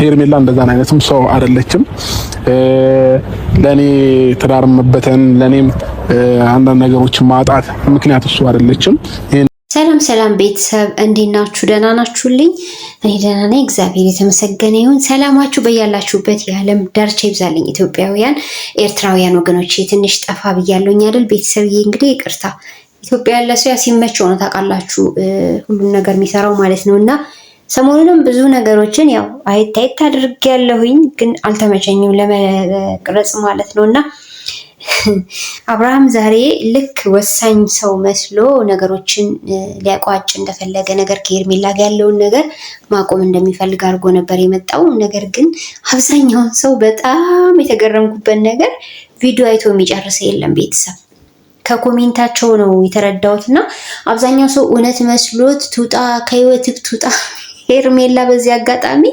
ሄርሜላ እንደዛን አይነትም ሰው አይደለችም። ለኔ ትዳር መበተን፣ ለኔም አንዳንድ ነገሮችን ማጣት ምክንያት እሱ አይደለችም። ሰላም ሰላም ቤተሰብ እንዴት ናችሁ? ደህና ናችሁልኝ? እኔ ደህና ነኝ፣ እግዚአብሔር የተመሰገነ ይሁን። ሰላማችሁ በያላችሁበት የዓለም ዳርቻ ይብዛልኝ። ኢትዮጵያውያን ኤርትራውያን ወገኖች ትንሽ ጠፋ ብያለሁኝ አይደል? ቤተሰብዬ እንግዲህ ይቅርታ። ኢትዮጵያ ያለ ሰው ያሲመቸው ነው ታውቃላችሁ፣ ሁሉም ነገር የሚሰራው ማለት ነው እና ሰሞኑንም ብዙ ነገሮችን ያው አየት አየት ያለሁኝ ግን አልተመቸኝም ለመቅረጽ ማለት ነው እና አብርሃም ዛሬ ልክ ወሳኝ ሰው መስሎ ነገሮችን ሊያቋጭ እንደፈለገ ነገር ከኤርሜላ ጋር ያለውን ነገር ማቆም እንደሚፈልግ አድርጎ ነበር የመጣው። ነገር ግን አብዛኛውን ሰው በጣም የተገረምኩበት ነገር ቪዲዮ አይቶ የሚጨርስ የለም ቤተሰብ ከኮሜንታቸው ነው የተረዳሁት እና አብዛኛው ሰው እውነት መስሎት ቱጣ ከህይወት ቱጣ ሄርሜላ በዚህ አጋጣሚ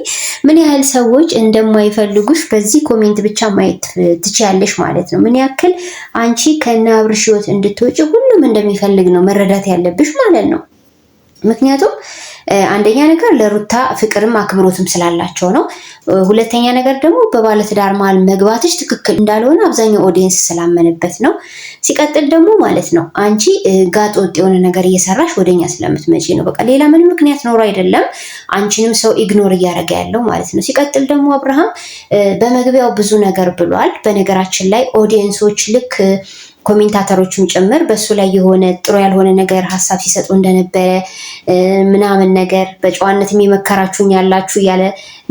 ምን ያህል ሰዎች እንደማይፈልጉሽ በዚህ ኮሜንት ብቻ ማየት ትችያለሽ ማለት ነው። ምን ያክል አንቺ ከነ አብርሽ ህይወት እንድትወጪ ሁሉም እንደሚፈልግ ነው መረዳት ያለብሽ ማለት ነው። ምክንያቱም አንደኛ ነገር ለሩታ ፍቅርም አክብሮትም ስላላቸው ነው። ሁለተኛ ነገር ደግሞ በባለትዳር መሀል መግባትሽ ትክክል እንዳልሆነ አብዛኛው ኦዲየንስ ስላመነበት ነው። ሲቀጥል ደግሞ ማለት ነው አንቺ ጋጥ ወጥ የሆነ ነገር እየሰራሽ ወደኛ ስለምትመጪ ነው። በቃ ሌላ ምንም ምክንያት ኖሮ አይደለም። አንቺንም ሰው ኢግኖር እያደረገ ያለው ማለት ነው። ሲቀጥል ደግሞ አብርሃም በመግቢያው ብዙ ነገር ብሏል። በነገራችን ላይ ኦዲየንሶች ልክ ኮሜንታተሮቹም ጭምር በሱ ላይ የሆነ ጥሩ ያልሆነ ነገር ሀሳብ ሲሰጡ እንደነበረ ምናምን ነገር በጨዋነትም የመከራችሁኝ ያላችሁ እያለ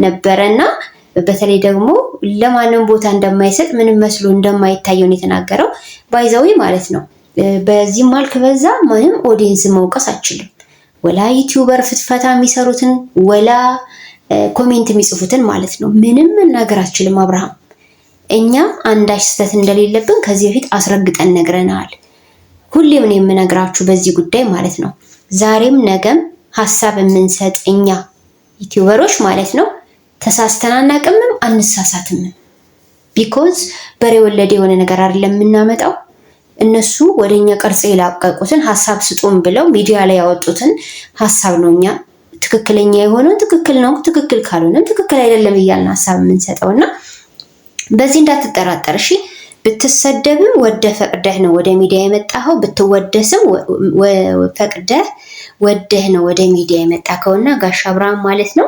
ነበረ እና በተለይ ደግሞ ለማንም ቦታ እንደማይሰጥ ምንም መስሎ እንደማይታየውን የተናገረው ባይዛዊ ማለት ነው። በዚህ ማልክ በዛ ምንም ኦዲየንስ መውቀስ አችልም። ወላ ዩቲዩበር ፍትፈታ የሚሰሩትን ወላ ኮሜንት የሚጽፉትን ማለት ነው ምንም ነገር አችልም አብርሃም እኛ አንዳች ስህተት እንደሌለብን ከዚህ በፊት አስረግጠን ነግረናል። ሁሌም ነው የምነግራችሁ በዚህ ጉዳይ ማለት ነው። ዛሬም ነገም ሀሳብ የምንሰጥ እኛ ዩቲዩበሮች ማለት ነው ተሳስተን አናቅምም፣ አንሳሳትምም። ቢኮዝ በሬ ወለደ የሆነ ነገር አይደለም የምናመጣው። እነሱ ወደ እኛ ቅርጽ የላቀቁትን ሀሳብ ስጡን ብለው ሚዲያ ላይ ያወጡትን ሀሳብ ነው እኛ ትክክለኛ የሆነውን ትክክል ነው፣ ትክክል ካልሆነም ትክክል አይደለም እያልን ሀሳብ የምንሰጠው እና በዚህ እንዳትጠራጠር እሺ። ብትሰደብም ወደ ፈቅደህ ነው ወደ ሚዲያ የመጣኸው። ብትወደስም ፈቅደህ ወደህ ነው ወደ ሚዲያ የመጣከው እና ጋሽ አብርሃም ማለት ነው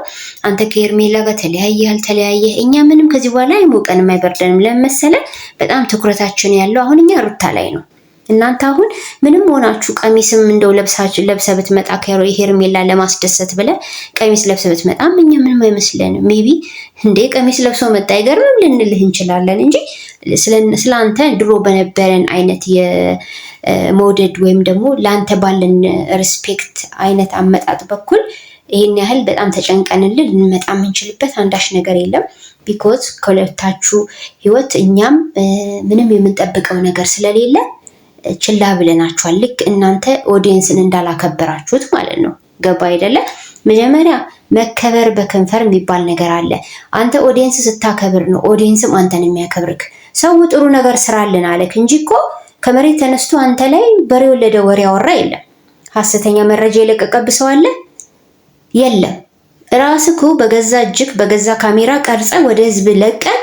አንተ ከኤርሜላ ጋር ተለያየህ አልተለያየህ እኛ ምንም ከዚህ በኋላ አይሞቀንም አይበርደንም። ለመሰለ በጣም ትኩረታችን ያለው አሁን እኛ ሩታ ላይ ነው። እናንተ አሁን ምንም ሆናችሁ ቀሚስም እንደው ለብሳችሁ ለብሰ ብትመጣ ሄርሜላ ለማስደሰት ብለ ቀሚስ ለብሰ ብትመጣ እኛ ምንም አይመስለንም። ሜቢ እንዴ ቀሚስ ለብሶ መጣ አይገርምም ልንልህ እንችላለን እንጂ ስለ ድሮ በነበረን አይነት የመውደድ ወይም ደግሞ ለአንተ ባለን ሪስፔክት አይነት አመጣጥ በኩል ይህን ያህል በጣም ተጨንቀንልን ልንመጣ የምንችልበት አንዳች ነገር የለም። ቢኮዝ ከሁለታችሁ ህይወት እኛም ምንም የምንጠብቀው ነገር ስለሌለ ችላ ብለናችኋል። ልክ እናንተ ኦዲየንስን እንዳላከበራችሁት ማለት ነው። ገባ አይደለ? መጀመሪያ መከበር በከንፈር የሚባል ነገር አለ። አንተ ኦዲየንስ ስታከብር ነው ኦዲየንስም አንተን የሚያከብርክ። ሰው ጥሩ ነገር ስራልን አለክ እንጂ እኮ ከመሬት ተነስቶ አንተ ላይ በሬ ወለደ ወሬ ያወራ የለም። ሀሰተኛ መረጃ የለቀቀብ ሰው አለ የለም። ራስኩ በገዛ እጅክ በገዛ ካሜራ ቀርጸ ወደ ህዝብ ለቀቅ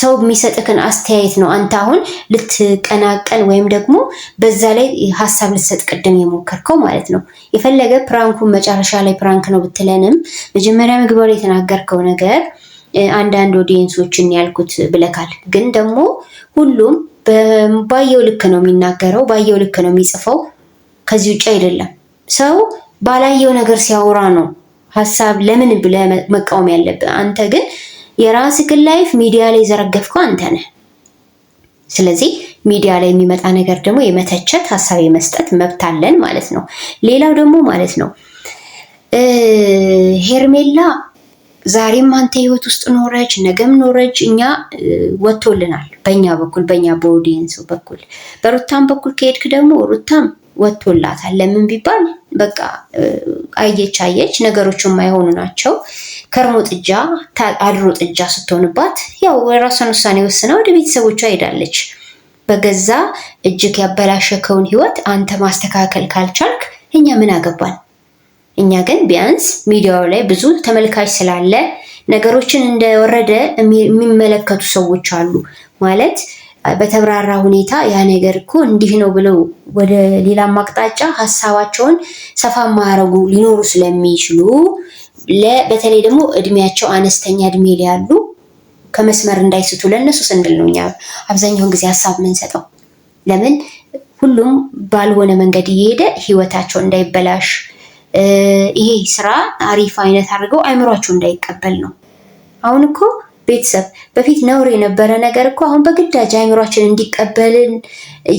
ሰው የሚሰጥክን አስተያየት ነው አንተ አሁን ልትቀናቀን ወይም ደግሞ በዛ ላይ ሀሳብ ልትሰጥ ቅድም የሞከርከው ማለት ነው። የፈለገ ፕራንኩን መጨረሻ ላይ ፕራንክ ነው ብትለንም መጀመሪያ ምግባር የተናገርከው ነገር አንዳንድ ኦዲየንሶችን ያልኩት ብለካል። ግን ደግሞ ሁሉም ባየው ልክ ነው የሚናገረው፣ ባየው ልክ ነው የሚጽፈው። ከዚህ ውጭ አይደለም። ሰው ባላየው ነገር ሲያወራ ነው ሀሳብ ለምን ብለህ መቃወም ያለብህ አንተ ግን የራስህን ላይፍ ሚዲያ ላይ ዘረገፍከው አንተ ነህ። ስለዚህ ሚዲያ ላይ የሚመጣ ነገር ደግሞ የመተቸት ሀሳብ የመስጠት መብት አለን ማለት ነው። ሌላው ደግሞ ማለት ነው ሄርሜላ ዛሬም አንተ ህይወት ውስጥ ኖረች፣ ነገም ኖረች። እኛ ወጥቶልናል፣ በእኛ በኩል በእኛ በኦዲየንስ በኩል በሩታም በኩል ከሄድክ ደግሞ ሩታም ወጥቶላታል። ለምን ቢባል በቃ አየች አየች ነገሮች የማይሆኑ ናቸው። ከርሞ ጥጃ አድሮ ጥጃ ስትሆንባት ያው የራሷን ውሳኔ ወስና ወደ ቤተሰቦቿ ሄዳለች። በገዛ እጅግ ያበላሸከውን ህይወት አንተ ማስተካከል ካልቻልክ እኛ ምን አገባን? እኛ ግን ቢያንስ ሚዲያው ላይ ብዙ ተመልካች ስላለ ነገሮችን እንደወረደ የሚመለከቱ ሰዎች አሉ ማለት በተብራራ ሁኔታ ያ ነገር እኮ እንዲህ ነው ብለው ወደ ሌላም አቅጣጫ ሀሳባቸውን ሰፋ ማያደርጉ ሊኖሩ ስለሚችሉ በተለይ ደግሞ እድሜያቸው አነስተኛ እድሜ ላይ ያሉ ከመስመር እንዳይስቱ ለእነሱ ስንል ነው እኛ አብዛኛውን ጊዜ ሀሳብ የምንሰጠው። ለምን ሁሉም ባልሆነ መንገድ እየሄደ ህይወታቸው እንዳይበላሽ ይሄ ስራ አሪፍ አይነት አድርገው አይምሯቸው እንዳይቀበል ነው። አሁን እኮ ቤተሰብ በፊት ነውር የነበረ ነገር እኮ አሁን በግዳጅ አይምሯችን እንዲቀበልን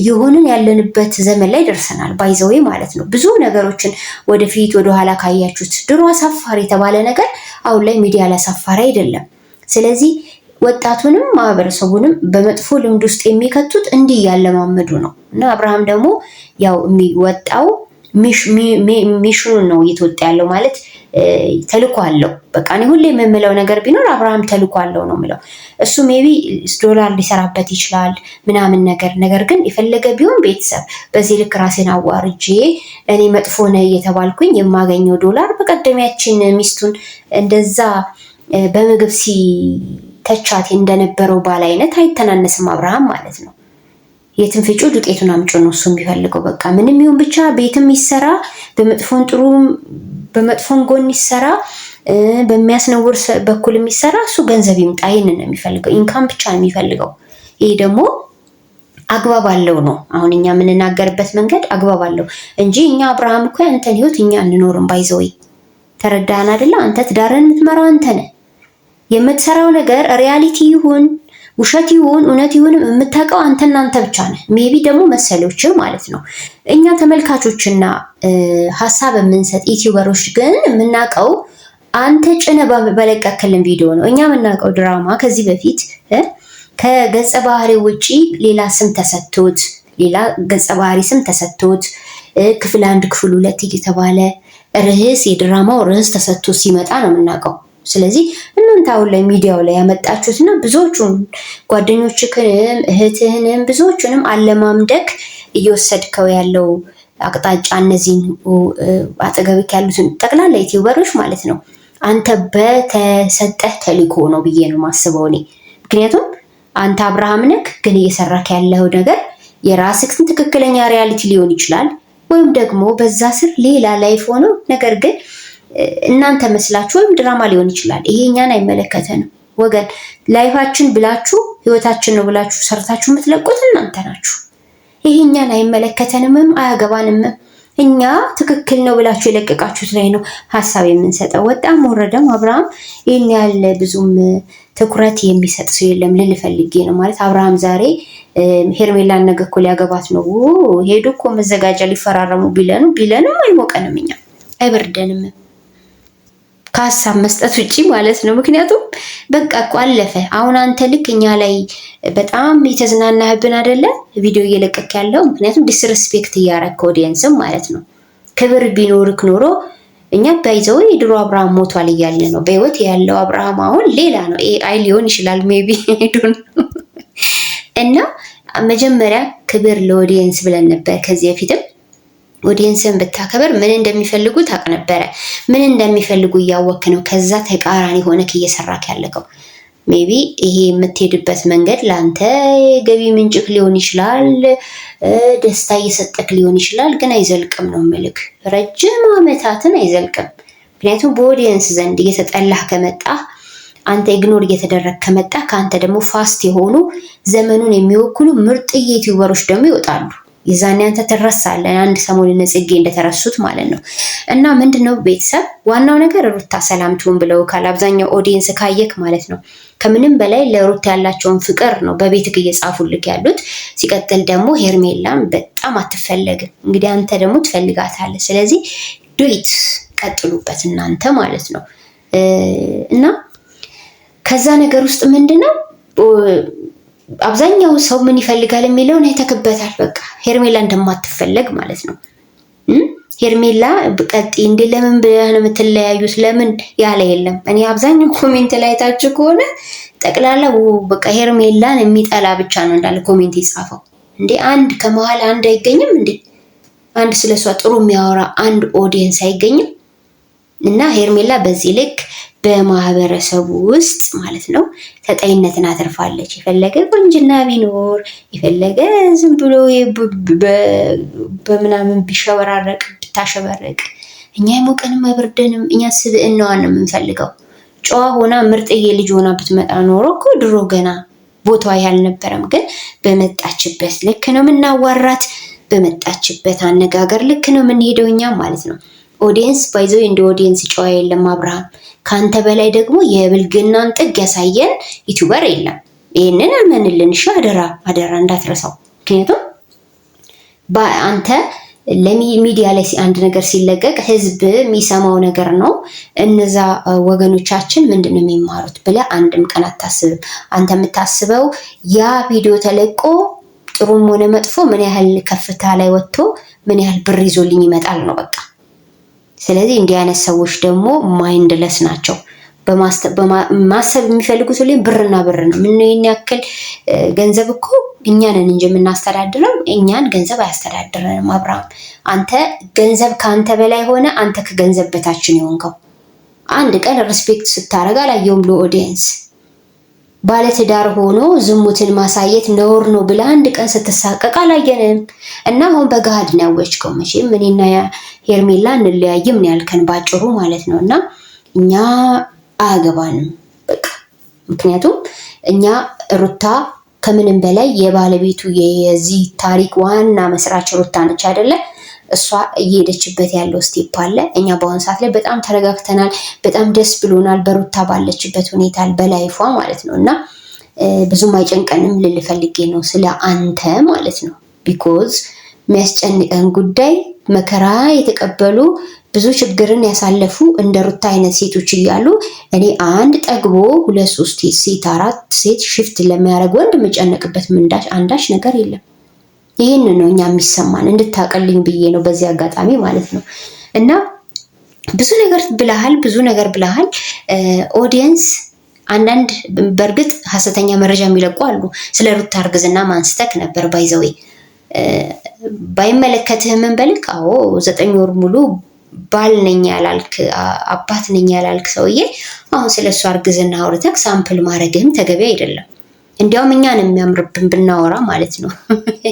የሆንን ያለንበት ዘመን ላይ ደርሰናል። ባይዘዌ ማለት ነው። ብዙ ነገሮችን ወደፊት ወደኋላ ካያችሁት ድሮ አሳፋሪ የተባለ ነገር አሁን ላይ ሚዲያ ላይ አሳፋሪ አይደለም። ስለዚህ ወጣቱንም ማህበረሰቡንም በመጥፎ ልምድ ውስጥ የሚከቱት እንዲህ ያለማመዱ ነው እና አብርሃም ደግሞ ያው የሚወጣው ሚሽኑን ነው እየተወጣ ያለው ማለት ተልኮ አለው። በቃ እኔ ሁሌ የምምለው ነገር ቢኖር አብርሃም ተልኮ አለው ነው የምለው። እሱ ሜቢ ዶላር ሊሰራበት ይችላል ምናምን ነገር ነገር ግን የፈለገ ቢሆን ቤተሰብ በዚህ ልክ ራሴን አዋርጄ እኔ መጥፎ ነ እየተባልኩኝ የማገኘው ዶላር በቀደሚያችን ሚስቱን እንደዛ በምግብ ሲተቻት እንደነበረው ባል አይነት አይተናነስም አብርሃም ማለት ነው። የትም ፍጩ ዱቄቱን አምጮ ነው እሱ የሚፈልገው። በቃ ምንም ይሁን ብቻ ቤትም ይሰራ በመጥፎን ጥሩም በመጥፎን ጎን ይሰራ በሚያስነውር በኩል የሚሰራ እሱ ገንዘብ ይምጣ፣ ይህን ነው የሚፈልገው። ኢንካም ብቻ ነው የሚፈልገው። ይሄ ደግሞ አግባብ አለው ነው። አሁን እኛ የምንናገርበት መንገድ አግባብ አለው እንጂ እኛ አብርሃም እኮ ያንተን ህይወት እኛ እንኖርም ባይዘወይ ተረዳህን አይደለ? አንተ ትዳርን የምትመራው አንተ ነህ። የምትሰራው ነገር ሪያሊቲ ይሁን ውሸት ይሁን እውነት ይሁንም የምታውቀው አንተ እናንተ ብቻ ነህ። ሜቢ ደግሞ መሰሎች ማለት ነው። እኛ ተመልካቾችና ሀሳብ የምንሰጥ ዩቲዩበሮች ግን የምናውቀው አንተ ጭነ በለቀክልን ቪዲዮ ነው። እኛ የምናውቀው ድራማ ከዚህ በፊት ከገጸ ባህሪ ውጪ ሌላ ስም ተሰጥቶት ሌላ ገጸ ባህሪ ስም ተሰጥቶት ክፍል አንድ ክፍል ሁለት እየተባለ ርዕስ የድራማው ርዕስ ተሰጥቶ ሲመጣ ነው የምናውቀው። ስለዚህ እናንተ አሁን ላይ ሚዲያው ላይ ያመጣችሁት እና ብዙዎቹን ጓደኞችህንም እህትህንም ብዙዎቹንም አለማምደክ እየወሰድከው ያለው አቅጣጫ እነዚህን አጠገብክ ያሉትን ጠቅላላ ዩቲዩበሮች ማለት ነው አንተ በተሰጠህ ተልእኮ ነው ብዬ ነው ማስበው እኔ። ምክንያቱም አንተ አብርሃም ነክ ግን እየሰራክ ያለው ነገር የራስህን ትክክለኛ ሪያሊቲ ሊሆን ይችላል ወይም ደግሞ በዛ ስር ሌላ ላይፍ ሆኖ ነገር ግን እናንተ መስላችሁ ወይም ድራማ ሊሆን ይችላል። ይሄ እኛን አይመለከተንም ወገን። ላይፋችን ብላችሁ ህይወታችን ነው ብላችሁ ሰርታችሁ የምትለቁት እናንተ ናችሁ። ይሄ እኛን አይመለከተንምም አያገባንምም። እኛ ትክክል ነው ብላችሁ የለቀቃችሁት ላይ ነው ሀሳብ የምንሰጠው። ወጣም ወረደም አብርሃም ይህን ያለ ብዙም ትኩረት የሚሰጥ ሰው የለም ልንፈልጌ ነው ማለት አብርሃም ዛሬ ሄርሜላን ነገ እኮ ሊያገባት ነው ሄዶ እኮ መዘጋጃ ሊፈራረሙ ቢለኑ ቢለንም አይሞቀንም፣ እኛ አይበርደንም። ከሀሳብ መስጠት ውጭ ማለት ነው። ምክንያቱም በቃ እኮ አለፈ። አሁን አንተ ልክ እኛ ላይ በጣም የተዝናናህብን አደለ? ቪዲዮ እየለቀክ ያለው ምክንያቱም ዲስሬስፔክት እያረክ ኦዲየንስም ማለት ነው። ክብር ቢኖርክ ኖሮ እኛ ባይዘው የድሮ አብርሃም ሞቷል እያለ ነው። በህይወት ያለው አብርሃም አሁን ሌላ ነው። ኤአይ ሊሆን ይችላል ሜቢ እና መጀመሪያ ክብር ለኦዲየንስ ብለን ነበር ከዚህ በፊትም ኦዲየንስን ብታከብር ምን እንደሚፈልጉ ታውቅ ነበረ። ምን እንደሚፈልጉ እያወክ ነው ከዛ ተቃራኒ ሆነክ እየሰራክ ያለከው። ሜቢ ይሄ የምትሄድበት መንገድ ለአንተ የገቢ ምንጭክ ሊሆን ይችላል፣ ደስታ እየሰጠክ ሊሆን ይችላል። ግን አይዘልቅም ነው ምልክ፣ ረጅም ዓመታትን አይዘልቅም። ምክንያቱም በኦዲየንስ ዘንድ እየተጠላህ ከመጣ አንተ ኢግኖር እየተደረግ ከመጣ ከአንተ ደግሞ ፋስት የሆኑ ዘመኑን የሚወክሉ ምርጥ ዩቲዩበሮች ደግሞ ይወጣሉ። የዛኔ አንተ ትረሳለን። አንድ ሰሞን እነ ጽጌ እንደተረሱት ማለት ነው። እና ምንድን ነው ቤተሰብ ዋናው ነገር ሩታ ሰላም ትሁን ብለው ካል አብዛኛው ኦዲየንስ ካየክ ማለት ነው ከምንም በላይ ለሩታ ያላቸውን ፍቅር ነው በቤትክ እየጻፉልክ ያሉት። ሲቀጥል ደግሞ ሄርሜላም በጣም አትፈለግም። እንግዲህ አንተ ደግሞ ትፈልጋታለህ። ስለዚህ ዱኢት ቀጥሉበት እናንተ ማለት ነው እና ከዛ ነገር ውስጥ ምንድን ነው አብዛኛው ሰው ምን ይፈልጋል የሚለውን አይተክበታል። በቃ ሄርሜላ እንደማትፈለግ ማለት ነው። ሄርሜላ ቀጥ እንዴ ለምን ብለህ ነው የምትለያዩት? ለምን ያለ የለም። እኔ አብዛኛው ኮሜንት ላይ ታችሁ ከሆነ ጠቅላላ በቃ ሄርሜላን የሚጠላ ብቻ ነው እንዳለ ኮሜንት የጻፈው። እንዴ አንድ ከመሀል አንድ አይገኝም እንዴ? አንድ ስለሷ ጥሩ የሚያወራ አንድ ኦዲየንስ አይገኝም? እና ሄርሜላ በዚህ ልክ በማህበረሰቡ ውስጥ ማለት ነው ተጠይነትን አትርፋለች። የፈለገ ቁንጅና ቢኖር የፈለገ ዝም ብሎ በምናምን ቢሸበራረቅ ብታሸበረቅ እኛ የሞቀንም አይበርደንም። እኛ ስብዕናዋን ነው የምንፈልገው። ጨዋ ሆና ምርጥዬ ልጅ ሆና ብትመጣ ኖሮ እኮ ድሮ ገና ቦታዋ ያልነበረም፣ ግን በመጣችበት ልክ ነው የምናዋራት። በመጣችበት አነጋገር ልክ ነው የምንሄደው እኛም ማለት ነው። ኦዲየንስ ባይዘው እንደ ኦዲየንስ ጨዋ የለም አብርሃም። ከአንተ በላይ ደግሞ የብልግናን ጥግ ያሳየን ዩቲዩበር የለም። ይህንን አመንልን እሺ፣ አደራ አደራ እንዳትረሳው። ምክንያቱም አንተ ለሚዲያ ላይ አንድ ነገር ሲለቀቅ ህዝብ የሚሰማው ነገር ነው። እነዛ ወገኖቻችን ምንድን ነው የሚማሩት ብለህ አንድም ቀን አታስብም። አንተ የምታስበው ያ ቪዲዮ ተለቆ ጥሩም ሆነ መጥፎ ምን ያህል ከፍታ ላይ ወጥቶ ምን ያህል ብር ይዞልኝ ይመጣል ነው በቃ ስለዚህ እንዲህ አይነት ሰዎች ደግሞ ማይንድለስ ናቸው። ማሰብ የሚፈልጉት ሁሌ ብርና ብር ነው። ምን ይህን ያክል ገንዘብ እኮ እኛንን እንጂ የምናስተዳድረው እኛን ገንዘብ አያስተዳድረንም። አብርሃም አንተ ገንዘብ ከአንተ በላይ ሆነ፣ አንተ ከገንዘብ በታችን የሆንከው አንድ ቀን ሪስፔክት ስታደርግ አላየውም ለኦዲየንስ ባለትዳር ሆኖ ዝሙትን ማሳየት ነውር ነው ብለ አንድ ቀን ስትሳቀቅ አላየንም እና አሁን በገሃድ ነው ያወጅከው። መቼም እኔና ሄርሜላ እንለያይም ነው ያልከን ባጭሩ ማለት ነው። እና እኛ አያገባንም በቃ ምክንያቱም እኛ ሩታ ከምንም በላይ የባለቤቱ የዚህ ታሪክ ዋና መስራች ሩታ ነች አይደለ? እሷ እየሄደችበት ያለው ስቴፕ አለ። እኛ በአሁኑ ሰዓት ላይ በጣም ተረጋግተናል፣ በጣም ደስ ብሎናል። በሩታ ባለችበት ሁኔታ በላይፏ ማለት ነው እና ብዙም አይጨንቀንም ልል ነው ስለ አንተ ማለት ነው። ቢኮዝ የሚያስጨንቀን ጉዳይ መከራ የተቀበሉ ብዙ ችግርን ያሳለፉ እንደ ሩታ አይነት ሴቶች እያሉ እኔ አንድ ጠግቦ ሁለት ሶስት ሴት አራት ሴት ሽፍት ለሚያደርግ ወንድ የምጨነቅበት ምንዳሽ አንዳች ነገር የለም። ይህን ነው እኛ የሚሰማን እንድታቀልኝ ብዬ ነው በዚህ አጋጣሚ ማለት ነው እና ብዙ ነገር ብለሃል፣ ብዙ ነገር ብለሃል። ኦዲየንስ አንዳንድ በእርግጥ ሀሰተኛ መረጃ የሚለቁ አሉ። ስለ ሩታ እርግዝና ማንስተክ ነበር ባይዘዌ ባይመለከትህም በልክ አዎ፣ ዘጠኝ ወር ሙሉ ባል ነኝ ያላልክ አባት ነኝ ያላልክ ሰውዬ አሁን ስለ እሷ እርግዝና አውርተክ ሳምፕል ማድረግህም ተገቢ አይደለም። እንዲያውም እኛን የሚያምርብን ብናወራ ማለት ነው።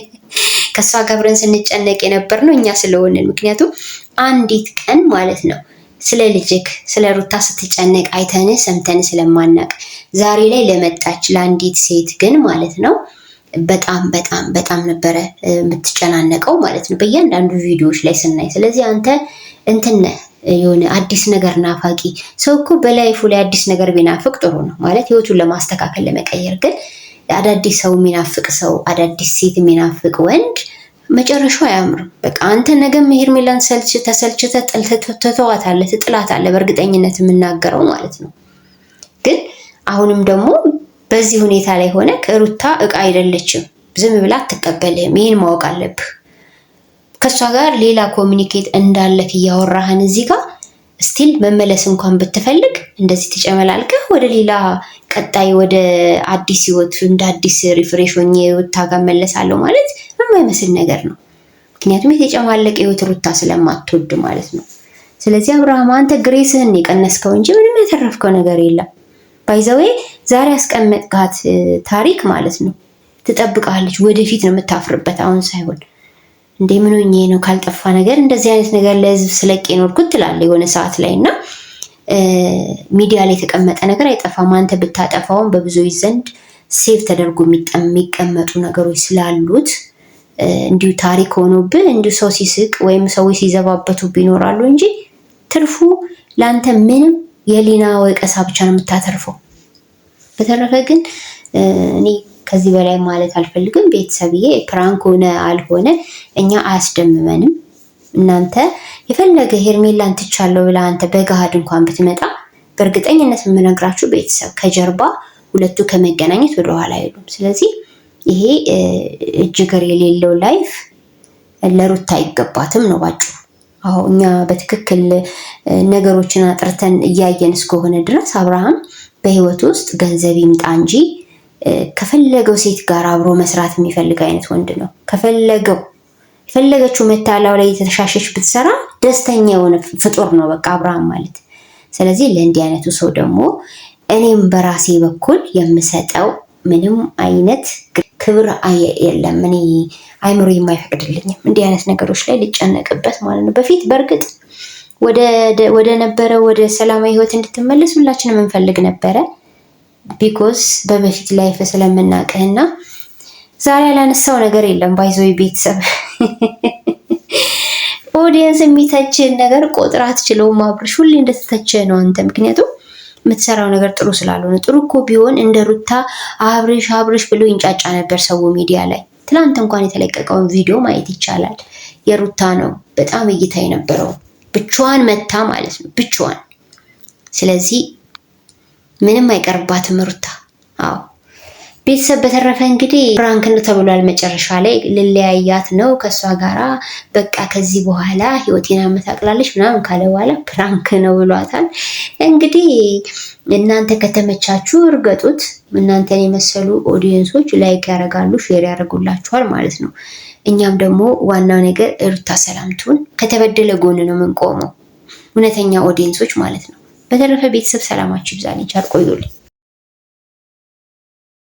ከእሷ ጋር አብረን ስንጨነቅ የነበር ነው እኛ ስለሆንን። ምክንያቱም አንዲት ቀን ማለት ነው ስለ ልጅክ ስለ ሩታ ስትጨነቅ አይተን ሰምተን ስለማናቅ ዛሬ ላይ ለመጣች ለአንዲት ሴት ግን ማለት ነው በጣም በጣም በጣም ነበረ የምትጨናነቀው ማለት ነው በእያንዳንዱ ቪዲዮዎች ላይ ስናይ። ስለዚህ አንተ እንትን ነህ የሆነ አዲስ ነገር ናፋቂ ሰው እኮ በላይፉ ላይ አዲስ ነገር ቢናፍቅ ጥሩ ነው ማለት ህይወቱን ለማስተካከል ለመቀየር። ግን አዳዲስ ሰው የሚናፍቅ ሰው አዳዲስ ሴት የሚናፍቅ ወንድ መጨረሻው አያምርም። በቃ አንተ ነገም ሄርሜላን ሰልች ተሰልችተ ትተዋታለህ፣ አለ በእርግጠኝነት የምናገረው ማለት ነው። ግን አሁንም ደግሞ በዚህ ሁኔታ ላይ ሆነ ከሩታ እቃ አይደለችም፣ ዝም ብላ አትቀበልህም። ይህን ማወቅ አለብህ። ከእሷ ጋር ሌላ ኮሚኒኬት እንዳለክ እያወራህን እዚህ ጋር ስቲል መመለስ እንኳን ብትፈልግ እንደዚህ ትጨመላልከህ ወደ ሌላ ቀጣይ ወደ አዲስ ህይወት እንደ አዲስ ሪፍሬሽ ሆኜ ሩታ ጋር መለሳለሁ ማለት የማይመስል ነገር ነው። ምክንያቱም የተጨማለቀ ህይወት ሩታ ስለማትወድ ማለት ነው። ስለዚህ አብርሃም አንተ ግሬስህን የቀነስከው እንጂ ምንም ያተረፍከው ነገር የለም። ባይዘዌ ዛሬ ያስቀመጥካት ታሪክ ማለት ነው ትጠብቃለች። ወደፊት ነው የምታፍርበት አሁን ሳይሆን እንዴ ምን ሆኜ ነው ካልጠፋ ነገር እንደዚህ አይነት ነገር ለህዝብ ስለቅ የኖርኩት ትላለህ የሆነ ሰዓት ላይ እና ሚዲያ ላይ የተቀመጠ ነገር አይጠፋም። አንተ ብታጠፋውም በብዙዎች ዘንድ ሴቭ ተደርጎ የሚቀመጡ ነገሮች ስላሉት እንዲሁ ታሪክ ሆኖብህ እንዲሁ ሰው ሲስቅ ወይም ሰዎች ሲዘባበቱ ይኖራሉ እንጂ ትርፉ ለአንተ ምንም የሊና ወቀሳ ብቻ ነው የምታተርፈው። በተረፈ ግን እኔ ከዚህ በላይ ማለት አልፈልግም። ቤተሰብዬ ፕራንክ ሆነ አልሆነ እኛ አያስደምመንም። እናንተ የፈለገ ሄርሜላን ትቻለሁ ብላ አንተ በገሃድ እንኳን ብትመጣ በእርግጠኝነት የምነግራችሁ ቤተሰብ ከጀርባ ሁለቱ ከመገናኘት ወደኋላ አይሉም። ስለዚህ ይሄ እጅግር የሌለው ላይፍ ለሩታ አይገባትም ነው ባጭሩ። አሁ እኛ በትክክል ነገሮችን አጥርተን እያየን እስከሆነ ድረስ አብርሃም በህይወት ውስጥ ገንዘብ ይምጣ እንጂ ከፈለገው ሴት ጋር አብሮ መስራት የሚፈልግ አይነት ወንድ ነው። ከፈለገው የፈለገችው መታላው ላይ የተሻሸች ብትሰራ ደስተኛ የሆነ ፍጡር ነው በቃ አብርሃም ማለት። ስለዚህ ለእንዲህ አይነቱ ሰው ደግሞ እኔም በራሴ በኩል የምሰጠው ምንም አይነት ክብር የለም። እኔ አይምሮ የማይፈቅድልኝም እንዲህ አይነት ነገሮች ላይ ልጨነቅበት ማለት ነው። በፊት በእርግጥ ወደ ነበረ ወደ ሰላማዊ ህይወት እንድትመለስ ሁላችንም እንፈልግ ነበረ። ቢኮዝ በበፊት ላይፍ ስለምናውቅህና ዛሬ ያላነሳው ነገር የለም። ባይዞ ቤተሰብ ኦዲየንስ የሚተችህን ነገር ቆጥራ አትችለውም። አብርሽ ሁሌ እንደተተችህ ነው አንተ። ምክንያቱም የምትሰራው ነገር ጥሩ ስላልሆነ ጥሩ እኮ ቢሆን እንደ ሩታ አብርሽ አብርሽ ብሎ ይንጫጫ ነበር ሰው ሚዲያ ላይ። ትናንት እንኳን የተለቀቀውን ቪዲዮ ማየት ይቻላል። የሩታ ነው በጣም እይታ የነበረው ብቻዋን መታ ማለት ነው ብቻዋን። ስለዚህ ምንም አይቀርባትም ሩታ። አዎ ቤተሰብ በተረፈ እንግዲህ ፍራንክ ነው ተብሏል። መጨረሻ ላይ ልለያያት ነው ከእሷ ጋራ በቃ ከዚህ በኋላ ህይወቴን አመታቅላለች ምናምን ካለ በኋላ ፍራንክ ነው ብሏታል። እንግዲህ እናንተ ከተመቻችሁ እርገጡት። እናንተን የመሰሉ ኦዲየንሶች ላይክ ያደርጋሉ፣ ሼር ያደርጉላችኋል ማለት ነው። እኛም ደግሞ ዋናው ነገር ሩታ ሰላምቱን ከተበደለ ጎን ነው የምንቆመው፣ እውነተኛ ኦዲየንሶች ማለት ነው። በተረፈ ቤተሰብ ሰላማችሁ ይብዛልኝ። ቻል ቆዩልኝ።